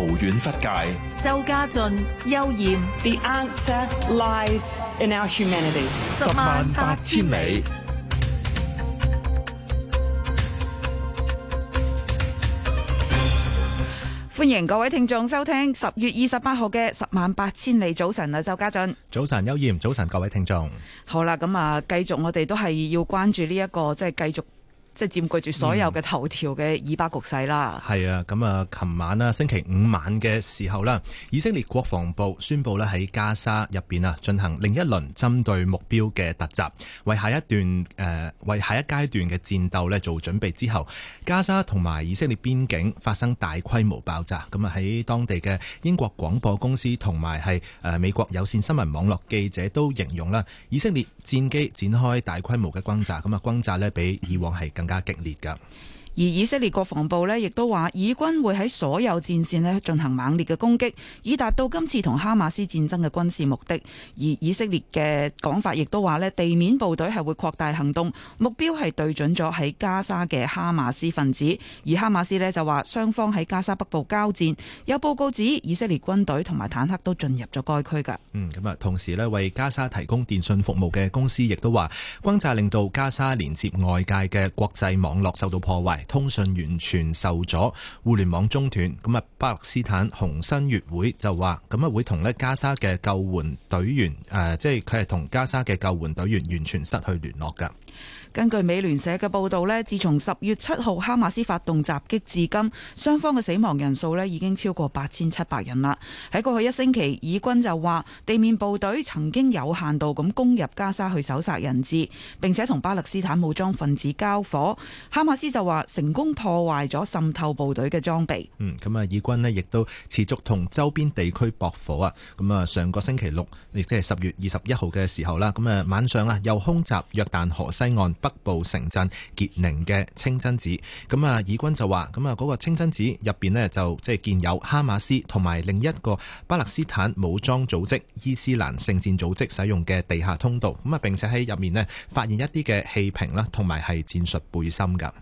無遠弗屆，周家俊、邱艷。The answer lies in our humanity 十。十萬八千里。歡迎各位聽眾收聽十月二十八號嘅十萬八千里早晨啊，周家俊。早晨，邱艷。早晨，各位聽眾。好啦，咁啊，繼續我哋都係要關注呢、這、一個，即係繼續。即係佔據住所有嘅頭條嘅以巴局勢啦。係、嗯、啊，咁、嗯、啊，琴晚啦，星期五晚嘅時候啦，以色列國防部宣布咧，喺加沙入邊啊進行另一輪針對目標嘅突襲，為下一段誒、呃、為下一階段嘅戰鬥呢做準備。之後，加沙同埋以色列邊境發生大規模爆炸。咁啊喺當地嘅英國廣播公司同埋係美國有線新聞網絡記者都形容啦，以色列戰機展開大規模嘅轟炸。咁啊轟炸呢比以往係更加激烈噶。而以色列國防部呢，亦都話以軍會喺所有戰線呢，進行猛烈嘅攻擊，以達到今次同哈馬斯戰爭嘅軍事目的。而以色列嘅講法亦都話呢，地面部隊係會擴大行動，目標係對準咗喺加沙嘅哈馬斯分子。而哈馬斯呢，就話雙方喺加沙北部交戰，有報告指以色列軍隊同埋坦克都進入咗該區噶。嗯，咁啊，同時呢，為加沙提供電信服務嘅公司亦都話，轟炸令到加沙連接外界嘅國際網絡受到破壞。通訊完全受阻，互聯網中斷。咁啊，巴勒斯坦紅新月會就話，咁啊會同呢加沙嘅救援隊員，誒、呃，即係佢係同加沙嘅救援隊員完全失去聯絡噶。根據美聯社嘅報道呢，自從十月七號哈馬斯發動襲擊至今，雙方嘅死亡人數已經超過八千七百人啦。喺過去一星期，以軍就話地面部隊曾經有限度咁攻入加沙去搜殺人質，並且同巴勒斯坦武裝分子交火。哈馬斯就話成功破壞咗滲透部隊嘅裝備。嗯，咁啊，以軍呢亦都持續同周邊地區駁火啊。咁啊，上個星期六，亦即係十月二十一號嘅時候啦，咁啊，晚上啦又空襲約旦河西岸北部城鎮傑寧嘅清真寺，咁啊，以軍就話，咁啊，嗰個清真寺入邊呢，就即係建有哈馬斯同埋另一個巴勒斯坦武裝組織伊斯蘭聖戰組織使用嘅地下通道，咁啊，並且喺入面呢，發現一啲嘅氣瓶啦，同埋係戰術背心噶。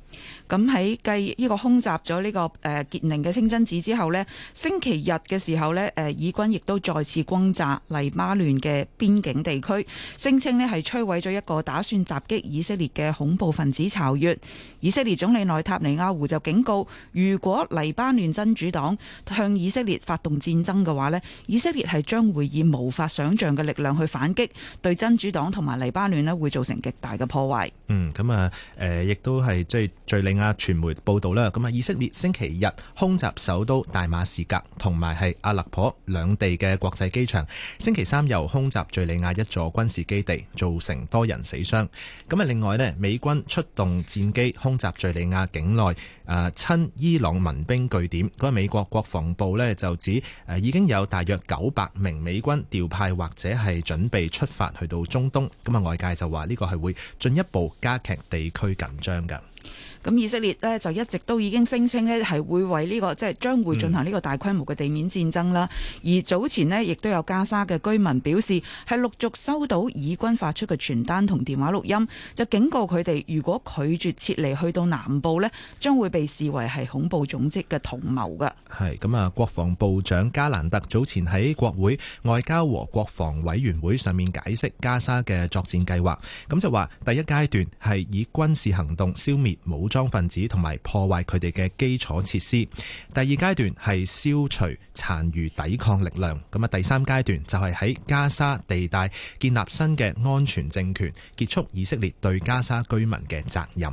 咁喺繼呢個空襲咗呢個誒傑寧嘅清真寺之後呢，星期日嘅時候呢，誒以軍亦都再次轟炸黎巴嫩嘅邊境地區，聲稱呢係摧毀咗一個打算襲擊以色列嘅恐怖分子巢穴。以色列總理內塔尼亞胡就警告，如果黎巴嫩真主黨向以色列發動戰爭嘅話呢，以色列係將會以無法想象嘅力量去反擊，對真主黨同埋黎巴嫩呢會造成極大嘅破壞。嗯，咁、嗯、啊，誒、嗯、亦都係即係。敘利亞傳媒報導啦，咁啊，以色列星期日空襲首都大馬士革同埋係阿勒頗兩地嘅國際機場。星期三又空襲敘利亞一座軍事基地，造成多人死傷。咁啊，另外呢，美軍出動戰機空襲敘利亞境內誒親伊朗民兵據點。嗰個美國國防部呢，就指誒已經有大約九百名美軍調派或者係準備出發去到中東。咁啊，外界就話呢個係會進一步加劇地區緊張㗎。咁以色列咧就一直都已經聲稱咧係會為呢，這個即係將會進行呢個大規模嘅地面戰爭啦，嗯。而早前咧亦都有加沙嘅居民表示係陸續收到以軍發出嘅傳單同電話錄音，就警告佢哋如果拒絕撤離去到南部咧，將會被視為係恐怖組織嘅同謀噶。係。咁啊，國防部長加蘭特早前喺國會外交和國防委員會上面解釋加沙嘅作戰計劃，咁就話第一階段係以軍事行動消滅武裝分子同埋破壞佢哋嘅基礎設施。第二階段係消除殘餘抵抗力量。咁啊，第三階段就係喺加沙地帶建立新嘅安全政權，結束以色列對加沙居民嘅責任。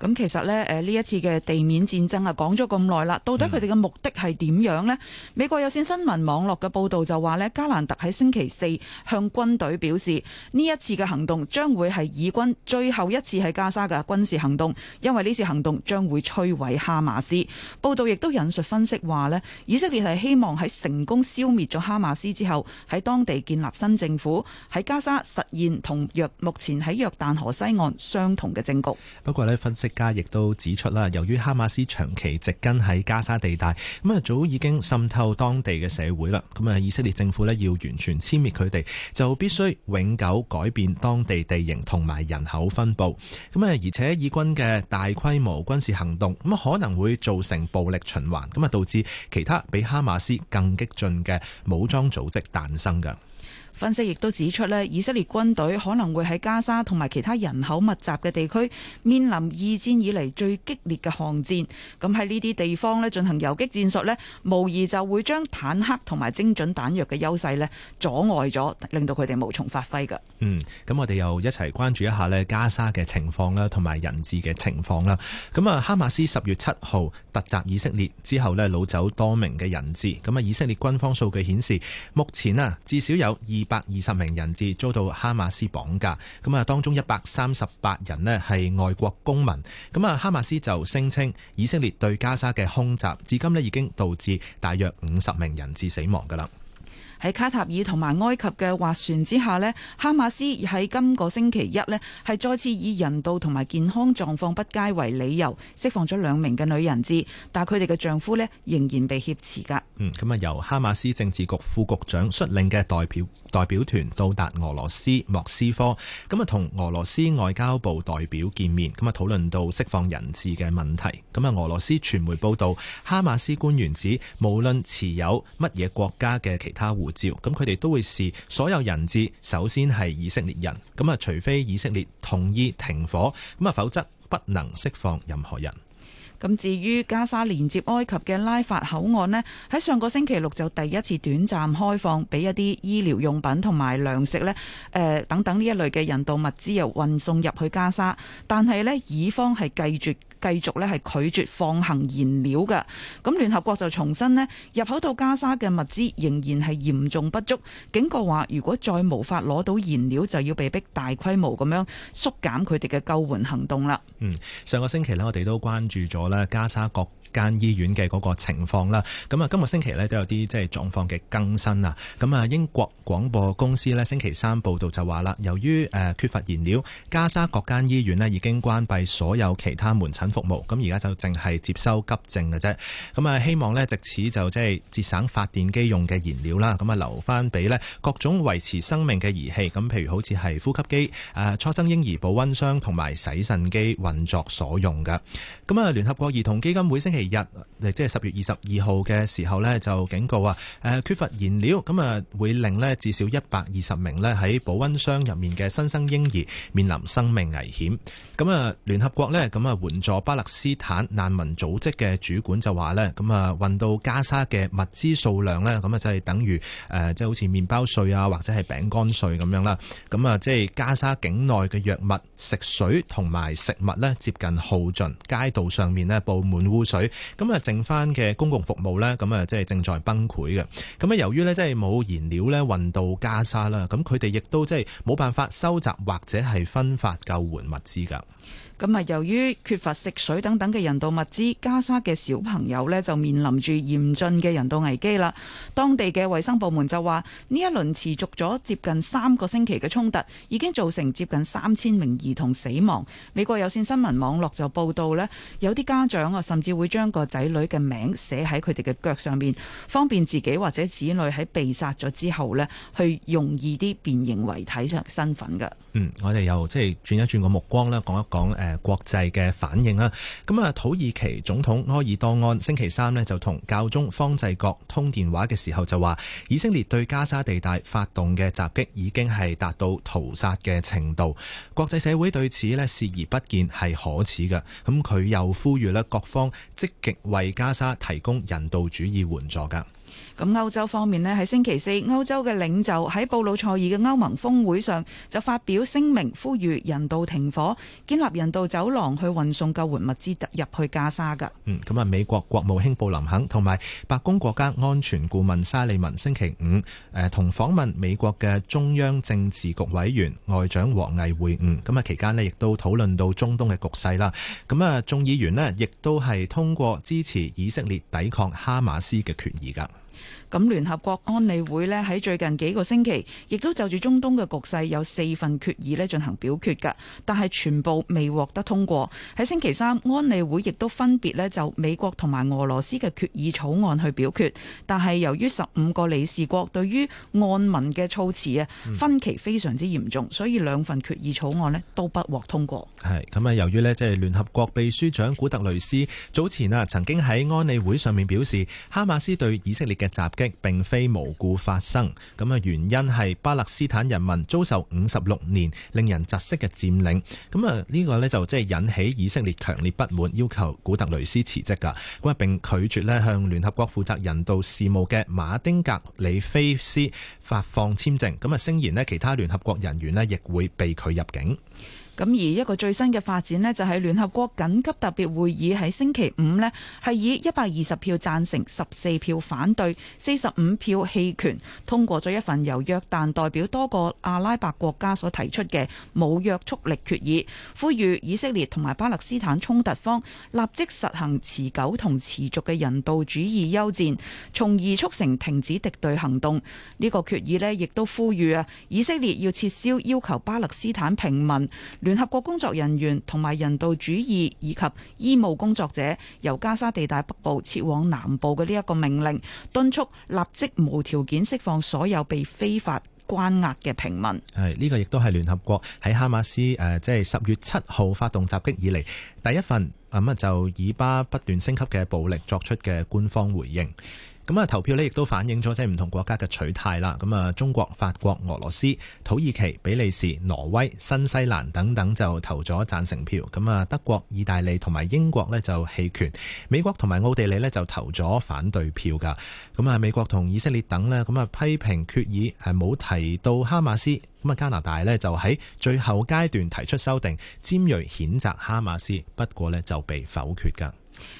咁其實呢，誒呢一次嘅地面戰爭啊，講咗咁耐啦，到底佢哋嘅目的係點樣呢？美國有線新聞網絡嘅報導就話呢，加蘭特喺星期四向軍隊表示，呢一次嘅行動將會係以軍最後一次喺加沙嘅軍事行動，因為呢次行動將會摧毀哈馬斯。報道亦都引述分析話呢，以色列係希望喺成功消滅咗哈馬斯之後，喺當地建立新政府，喺加沙實現同若目前喺約旦河西岸相同嘅政局。不過呢分析家亦都指出啦，由於哈馬斯長期植根喺加沙地帶，咁啊早已經滲透當地嘅社會啦。咁啊，以色列政府呢要完全殲滅佢哋，就必須永久改變當地地形同埋人口分布。咁啊，而且以軍嘅大規模軍事行動咁啊，可能會造成暴力循環，咁啊，導致其他比哈馬斯更激進嘅武裝組織誕生㗎。分析亦都指出呢，以色列軍隊可能會喺加沙同埋其他人口密集嘅地區面臨二戰以嚟，最激烈嘅巷戰。咁喺呢啲地方進行游擊戰術呢，無疑就會將坦克同埋精準彈藥嘅優勢呢，阻礙咗，令到佢哋無從發揮噶。嗯，咁我哋又一齊關注一下呢，加沙嘅情況啦，同埋人質嘅情況啦。咁啊，哈馬斯十月七號突襲以色列之後呢，擄走多名嘅人質。咁啊，以色列軍方數據顯示，目前啊至少有二。二百二十名人質遭到哈馬斯綁架，咁啊當中一百三十八人呢係外國公民，咁啊哈馬斯就聲稱以色列對加沙嘅空襲，至今呢已經導致大約五十名人質死亡㗎喇。喺卡塔爾同埋埃及嘅斡旋之下呢，哈馬斯喺今個星期一呢，係再次以人道同埋健康狀況不佳為理由釋放咗兩名嘅女人質，但佢哋嘅丈夫呢仍然被挾持噶。嗯，咁啊由哈馬斯政治局副局長率領嘅代表代表團到達俄羅斯莫斯科，咁啊同俄羅斯外交部代表見面，咁啊討論到釋放人質嘅問題。咁啊俄羅斯傳媒報道，哈馬斯官員指無論持有乜嘢國家嘅其他護。照咁，佢哋都會視所有人質。首先係以色列人咁啊，除非以色列同意停火咁啊，否則不能釋放任何人。咁至於加沙連接埃及嘅拉法口岸呢，喺上個星期六就第一次短暫開放，俾一啲醫療用品同埋糧食呢，誒等等呢一類嘅人道物資又運送入去加沙，但係呢，以方係繼續。繼續咧係拒絕放行燃料嘅，咁聯合國就重申呢，入口到加沙嘅物資仍然係嚴重不足，警告話如果再無法攞到燃料，就要被迫大規模咁樣縮減佢哋嘅救援行動啦。嗯，上個星期呢，我哋都關注咗啦加沙國間醫院嘅嗰個情況啦，咁啊，今個星期呢都有啲即係狀況嘅更新啊，咁啊，英國廣播公司呢星期三報道就話啦，由於誒缺乏燃料，加沙各間醫院呢已經關閉所有其他門診服務，咁而家就淨係接收急症嘅啫，咁啊，希望呢藉此就即係節省發電機用嘅燃料啦，咁啊留翻俾呢各種維持生命嘅儀器，咁譬如好似係呼吸機、誒初生嬰兒保溫箱同埋洗腎機運作所用㗎。咁啊，聯合國兒童基金會星期其日，即係十月二十二號嘅時候呢就警告啊，誒、呃、缺乏燃料，咁啊會令呢至少一百二十名呢喺保温箱入面嘅新生嬰兒面臨生命危險。咁、呃、啊，聯合國呢，咁啊援助巴勒斯坦難民組織嘅主管就話呢，咁、呃、啊運到加沙嘅物資數量呢，咁啊就係等於誒即係好似麵包碎啊或者係餅乾碎咁樣啦。咁、呃、啊即係加沙境內嘅藥物、食水同埋食物呢，接近耗盡，街道上面呢，布滿污水。咁啊，剩翻嘅公共服務咧，咁啊，即係正在崩潰嘅。咁由於咧即係冇燃料咧運到加沙啦，咁佢哋亦都即係冇辦法收集或者係分發救援物資噶。咁啊，由於缺乏食水等等嘅人道物資，加沙嘅小朋友咧就面臨住嚴峻嘅人道危機啦。當地嘅衛生部門就話，呢一輪持續咗接近三個星期嘅衝突，已經造成接近三千名兒童死亡。美國有線新聞網絡就報道咧，有啲家長啊，甚至會將個仔女嘅名寫喺佢哋嘅腳上面，方便自己或者子女喺被殺咗之後咧，去容易啲辨認遺體上身份嘅。嗯，我哋又即係轉一轉個目光啦，講一講誒、呃、國際嘅反應啦。咁啊，土耳其總統埃爾多安星期三呢就同教宗方濟各通電話嘅時候就話，以色列對加沙地帶發動嘅襲擊已經係達到屠殺嘅程度，國際社會對此呢視而不見係可恥嘅。咁佢又呼籲呢各方積極為加沙提供人道主義援助噶。咁歐洲方面呢，喺星期四，歐洲嘅領袖喺布魯塞爾嘅歐盟峰會上就發表聲明，呼籲人道停火，建立人道走廊去運送救援物資入去加沙噶。嗯，咁啊，美國國務卿布林肯同埋白宮國家安全顧問沙利文星期五誒同訪問美國嘅中央政治局委員外長王毅會晤。咁啊，期間呢亦都討論到中東嘅局勢啦。咁啊，眾議員呢亦都係通過支持以色列抵抗哈馬斯嘅決議噶。咁聯合國安理會呢，喺最近幾個星期，亦都就住中東嘅局勢有四份決議呢進行表決嘅，但係全部未獲得通過。喺星期三，安理會亦都分別呢就美國同埋俄羅斯嘅決議草案去表決，但係由於十五個理事國對於案文嘅措辭啊分歧非常之嚴重，所以兩份決議草案呢都不獲通過。係咁啊，由於呢，即係聯合國秘書長古特雷斯早前啊曾經喺安理會上面表示，哈馬斯對以色列嘅襲擊並非無故發生，咁啊原因係巴勒斯坦人民遭受五十六年令人窒息嘅佔領，咁啊呢個咧就即係引起以色列強烈不滿，要求古特雷斯辭職噶，咁啊並拒絕咧向聯合國負責人道事務嘅馬丁格里菲斯發放簽證，咁啊聲言咧其他聯合國人員咧亦會被拒入境。咁而一個最新嘅發展呢，就喺聯合國緊急特別會議喺星期五呢，係以一百二十票贊成、十四票反對、四十五票棄權通過咗一份由約旦代表多個阿拉伯國家所提出嘅無約束力決議，呼籲以色列同埋巴勒斯坦衝突方立即實行持久同持續嘅人道主義休戰，從而促成停止敵對行動。呢、呢個決議呢，亦都呼籲啊，以色列要撤銷要求巴勒斯坦平民。聯合國工作人員同埋人道主義以及醫務工作者由加沙地帶北部撤往南部嘅呢一個命令，敦促立即無條件釋放所有被非法關押嘅平民。係呢、呢個亦都係聯合國喺哈馬斯誒，即係十月七號發動襲擊以嚟第一份咁啊，就以巴不斷升級嘅暴力作出嘅官方回應。咁啊，投票呢亦都反映咗即係唔同國家嘅取態啦。咁啊，中國、法國、俄羅斯、土耳其、比利時、挪威、新西蘭等等就投咗贊成票。咁啊，德國、意大利同埋英國呢就棄權。美國同埋奧地利呢就投咗反對票㗎。咁啊，美國同以色列等呢咁啊批評決議係冇提到哈馬斯。咁啊，加拿大呢就喺最後階段提出修訂，尖銳譴責哈馬斯，不過呢就被否決㗎。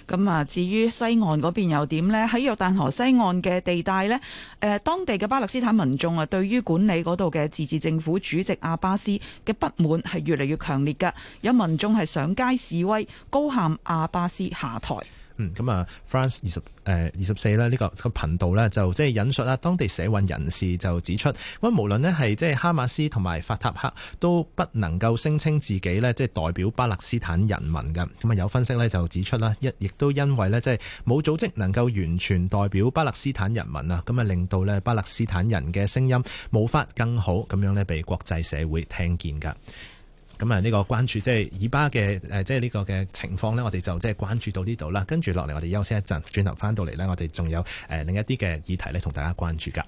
咁啊，至於西岸嗰邊又點呢？喺約旦河西岸嘅地帶呢，誒，當地嘅巴勒斯坦民眾啊，對於管理嗰度嘅自治政府主席阿巴斯嘅不滿係越嚟越強烈噶，有民眾係上街示威，高喊阿巴斯下台。嗯，咁啊，France 二十誒二十四咧，呢個個頻道呢，就即係引述啦，當地社運人士就指出，咁啊無論咧係即係哈馬斯同埋法塔赫，都不能夠聲稱自己呢即係代表巴勒斯坦人民㗎。咁啊有分析呢就指出啦，一亦都因為呢即係冇組織能夠完全代表巴勒斯坦人民啊，咁啊令到呢巴勒斯坦人嘅聲音冇法更好咁樣呢，被國際社會聽見㗎。咁啊，呢個關注即係以巴嘅誒，即係呢個嘅情況咧，我哋就即係關注到呢度啦。跟住落嚟，我哋休息一陣，轉頭翻到嚟咧，我哋仲有誒、呃、另一啲嘅議題咧，同大家關注噶。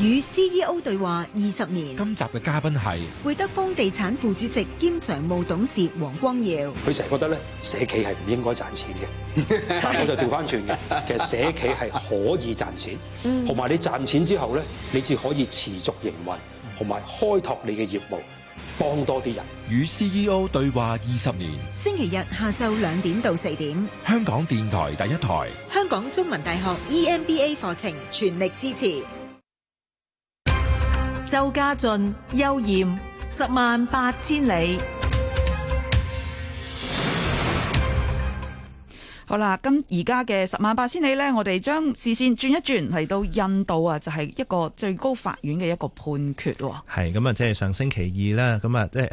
與 CEO 對話二十年，今集嘅嘉賓係會德豐地產副主席兼常務董事黃光耀。佢成日覺得咧，社企係唔應該賺錢嘅， 但我就調翻轉嘅。 其實社企係可以賺錢，同 埋你賺錢之後咧，你至可以持續營運，同埋開拓你嘅業務。幫，多啲人。與 CEO 對話二十年。星期日下晝兩點到四點，香港電台第一台，香港中文大學 EMBA 課程全力支持。周家俊、悠艷，十萬八千里。好啦，咁而家嘅十萬八千里呢，我哋將視線轉一轉，嚟到印度啊，就係一個最高法院嘅一個判決。係咁啊，即係上星期二啦，咁啊，即係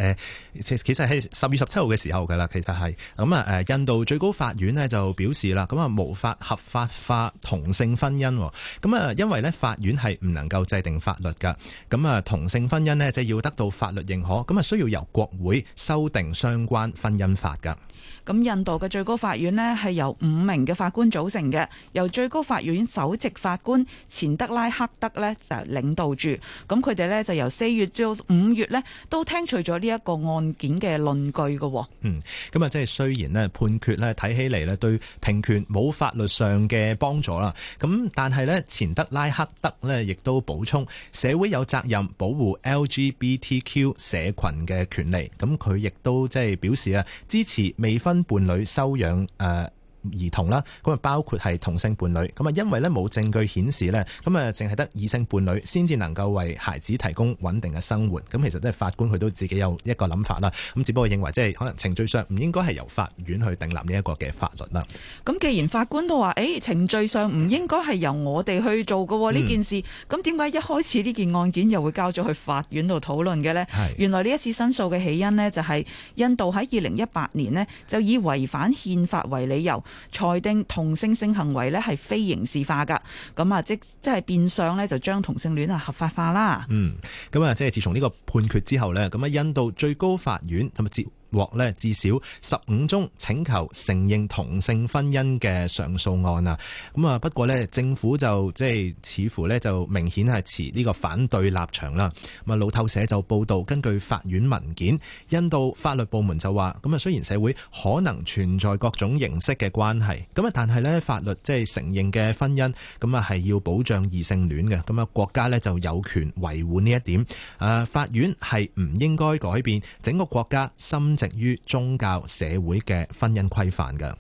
誒，其實喺十月十七號嘅時候噶啦，其實係咁啊，誒，印度最高法院呢就表示啦，咁啊，無法合法化同性婚姻。咁啊，因為咧，法院係唔能夠制定法律噶，咁啊，同性婚姻呢，就要得到法律認可，咁啊，需要由國會修訂相關婚姻法噶。咁印度嘅最高法院呢，係由五名嘅法官組成嘅，由最高法院首席法官錢德拉克德呢，就領導住。咁佢哋呢，就由四月到五月呢，都聽取咗呢一個案件嘅論據嘅。嗯，咁啊即係雖然咧判決咧睇起嚟咧對平權冇法律上嘅幫助啦，咁但係呢，錢德拉克德呢，亦都補充，社會有責任保護 LGBTQ 社群嘅權利。咁佢亦都即係表示啊支持。未婚伴侶收養誒、呃兒童啦，咁啊包括係同性伴侶，咁啊因為咧冇證據顯示咧，咁啊淨係得異性伴侶先至能夠為孩子提供穩定嘅生活，咁其實即係法官佢都自己有一個諗法啦，咁只不過認為即係可能程序上唔應該係由法院去訂立呢一個嘅法律啦。咁既然法官都話，誒、欸、程序上唔應該係由我哋去做喎呢、嗯、件事，咁點解一開始呢件案件又會交咗去法院度討論嘅呢？原來呢一次申訴嘅起因呢，就係印度喺二零一八年呢就以違反憲法為理由。裁定同性性行為咧係非刑事化㗎，咁啊即即係變相咧就將同性戀啊合法化啦。嗯，咁啊即係自從呢個判決之後咧，咁啊印度最高法院咁啊接是獲咧至少十五宗請求承認同性婚姻嘅上訴案啊！咁啊不過咧政府就即係似乎咧就明顯係持呢個反對立場啦。咁啊路透社就報道，根據法院文件，印度法律部門就話：咁啊雖然社會可能存在各種形式嘅關係，咁啊但係咧法律即係承認嘅婚姻，咁啊係要保障異性戀嘅。咁啊國家咧就有權維護呢一點。誒法院係唔應該改變整個國家心情。於宗教、社會嘅婚姻規範嘅。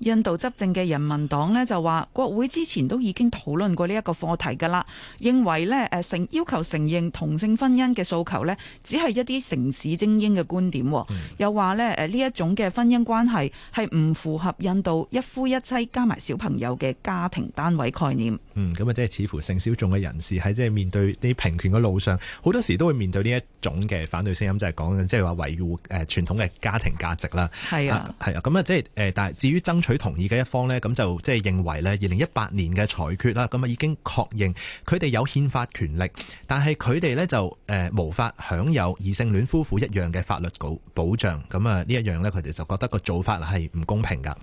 印度執政嘅人民黨咧，就話國會之前都已經討論過呢一個課題㗎啦，認為咧，誒承要求承認同性婚姻嘅訴求咧，只係一啲城市精英嘅觀點，嗯、又話咧誒呢一種嘅婚姻關係係唔符合印度一夫一妻加埋小朋友嘅家庭單位概念。嗯，咁啊即係似乎性小眾嘅人士喺即係面對啲平權嘅路上，好多時都會面對呢一種嘅反對聲音，就係講緊即係話維護誒傳統嘅家庭價值啦。係啊，係啊，咁啊即係誒但係至於爭取。佢同意嘅一方咧，咁就即係認為咧，二零一八年嘅裁決啦，咁啊已經確認佢哋有憲法權力，但係佢哋咧就誒、呃、無法享有異性戀夫婦一樣嘅法律保保障。咁啊呢一樣咧，佢哋就覺得個做法係唔公平噶。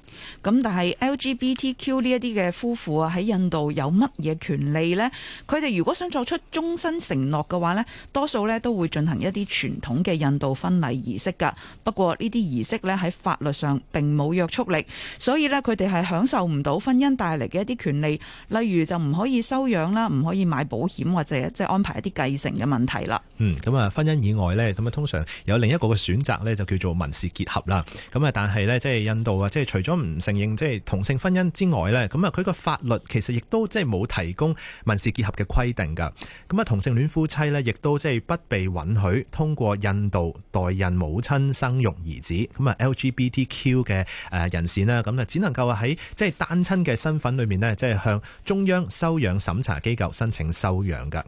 咁但係 LGBTQ 呢一啲嘅夫婦啊，喺印度有乜嘢權利咧？佢哋如果想作出終身承諾嘅話咧，多數咧都會進行一啲傳統嘅印度婚禮儀式噶。不過呢啲儀式咧喺法律上並冇約束力，所以所以咧，佢哋係享受唔到婚姻帶嚟嘅一啲權利，例如就唔可以收養啦，唔可以買保險或者即係安排一啲繼承嘅問題啦。嗯，咁啊，婚姻以外呢，咁啊，通常有另一個嘅選擇呢，就叫做民事結合啦。咁啊，但係呢，即係印度啊，即係除咗唔承認即係同性婚姻之外呢，咁啊，佢個法律其實亦都即係冇提供民事結合嘅規定噶。咁啊，同性戀夫妻呢，亦都即係不被允許通過印度代孕母親生育兒子。咁啊，LGBTQ 嘅誒人士呢。咁只能夠喺即係單親嘅身份裏面，呢即係向中央收養審查機構申請收養噶。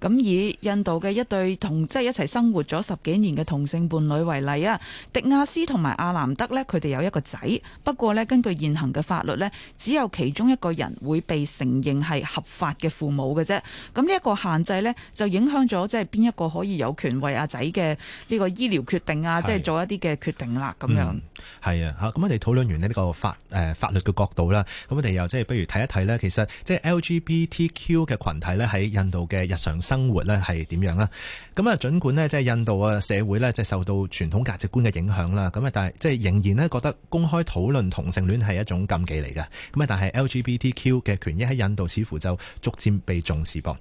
咁以印度嘅一對同即係一齊生活咗十幾年嘅同性伴侶為例啊，迪亞斯同埋阿南德呢，佢哋有一個仔。不過呢，根據現行嘅法律呢，只有其中一個人會被承認係合法嘅父母嘅啫。咁呢一個限制呢，就影響咗即係邊一個可以有權為阿仔嘅呢個醫療決定啊，即係、就是、做一啲嘅決定啦。咁、嗯、樣係啊，吓咁我哋討論完呢個法誒、呃、法律嘅角度啦，咁我哋又即係不如睇一睇呢，其實即係 LGBTQ 嘅群體呢，喺印度嘅日常生活咧係點樣啦？咁啊，儘管咧即係印度啊社會咧即係受到傳統價值觀嘅影響啦，咁啊但係即係仍然咧覺得公開討論同性戀係一種禁忌嚟嘅。咁啊，但係 LGBTQ 嘅權益喺印度似乎就逐漸被重視噃。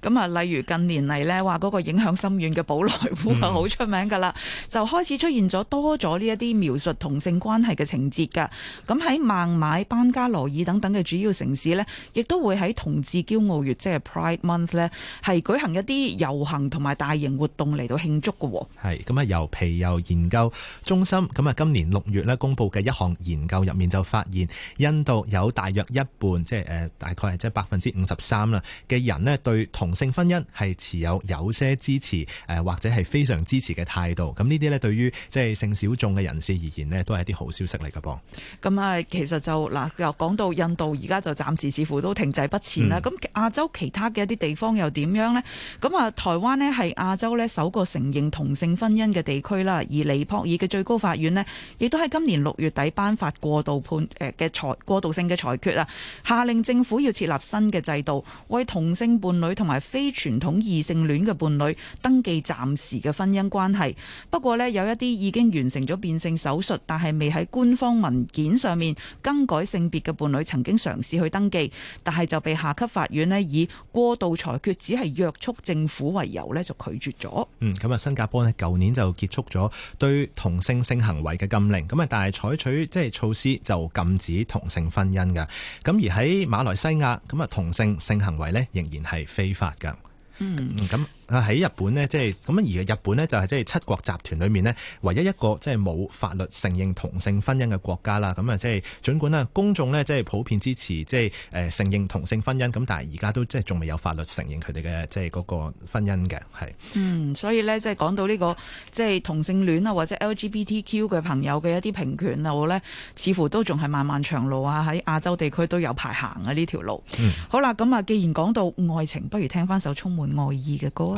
咁啊，例如近年嚟呢，話嗰個影響深遠嘅寶萊塢啊，好出名噶啦、嗯，就開始出現咗多咗呢一啲描述同性關係嘅情節噶。咁喺孟買、班加羅爾等等嘅主要城市呢，亦都會喺同志驕傲月，即係 Pride Month 呢，係舉行一啲遊行同埋大型活動嚟到慶祝噶。係咁啊，由皮尤研究中心咁啊，今年六月呢，公布嘅一項研究入面就發現，印度有大約一半，即係誒，大概係即係百分之五十三啦嘅人呢。對同性婚姻係持有有些支持，誒或者係非常支持嘅態度。咁呢啲咧，對於即係性小眾嘅人士而言咧，都係一啲好消息嚟㗎噃。咁啊，其實就嗱，又講到印度而家就暫時似乎都停滯不前啦。咁、嗯、亞洲其他嘅一啲地方又點樣呢？咁啊，台灣呢係亞洲呢首個承認同性婚姻嘅地區啦。而尼泊爾嘅最高法院呢，亦都喺今年六月底頒發過渡判誒嘅裁過渡性嘅裁決啊，下令政府要設立新嘅制度，為同性伴女同埋非傳統異性戀嘅伴侶登記暫時嘅婚姻關係，不過呢，有一啲已經完成咗變性手術，但係未喺官方文件上面更改性別嘅伴侶，曾經嘗試去登記，但係就被下級法院以過度裁決只係約束政府為由就拒絕咗。嗯，咁啊，新加坡呢，舊年就結束咗對同性性行為嘅禁令，咁啊，但係採取即係措施就禁止同性婚姻㗎。咁而喺馬來西亞，咁啊同性性行為呢，仍然係。非法嘅，嗯，咁。喺日本呢，即係咁，而日本呢，就係即係七國集團裏面呢，唯一一個即係冇法律承認同性婚姻嘅國家啦。咁啊，即係儘管啦，公眾呢，即係普遍支持即係誒承認同性婚姻，咁但係而家都即係仲未有法律承認佢哋嘅即係嗰個婚姻嘅，係。嗯，所以呢、這個，即係講到呢個即係同性戀啊，或者 LGBTQ 嘅朋友嘅一啲平權啊，我呢似乎都仲係漫漫長路啊，喺亞洲地區都有排行啊呢條路。嗯、好啦，咁啊，既然講到愛情，不如聽返首充滿愛意嘅歌。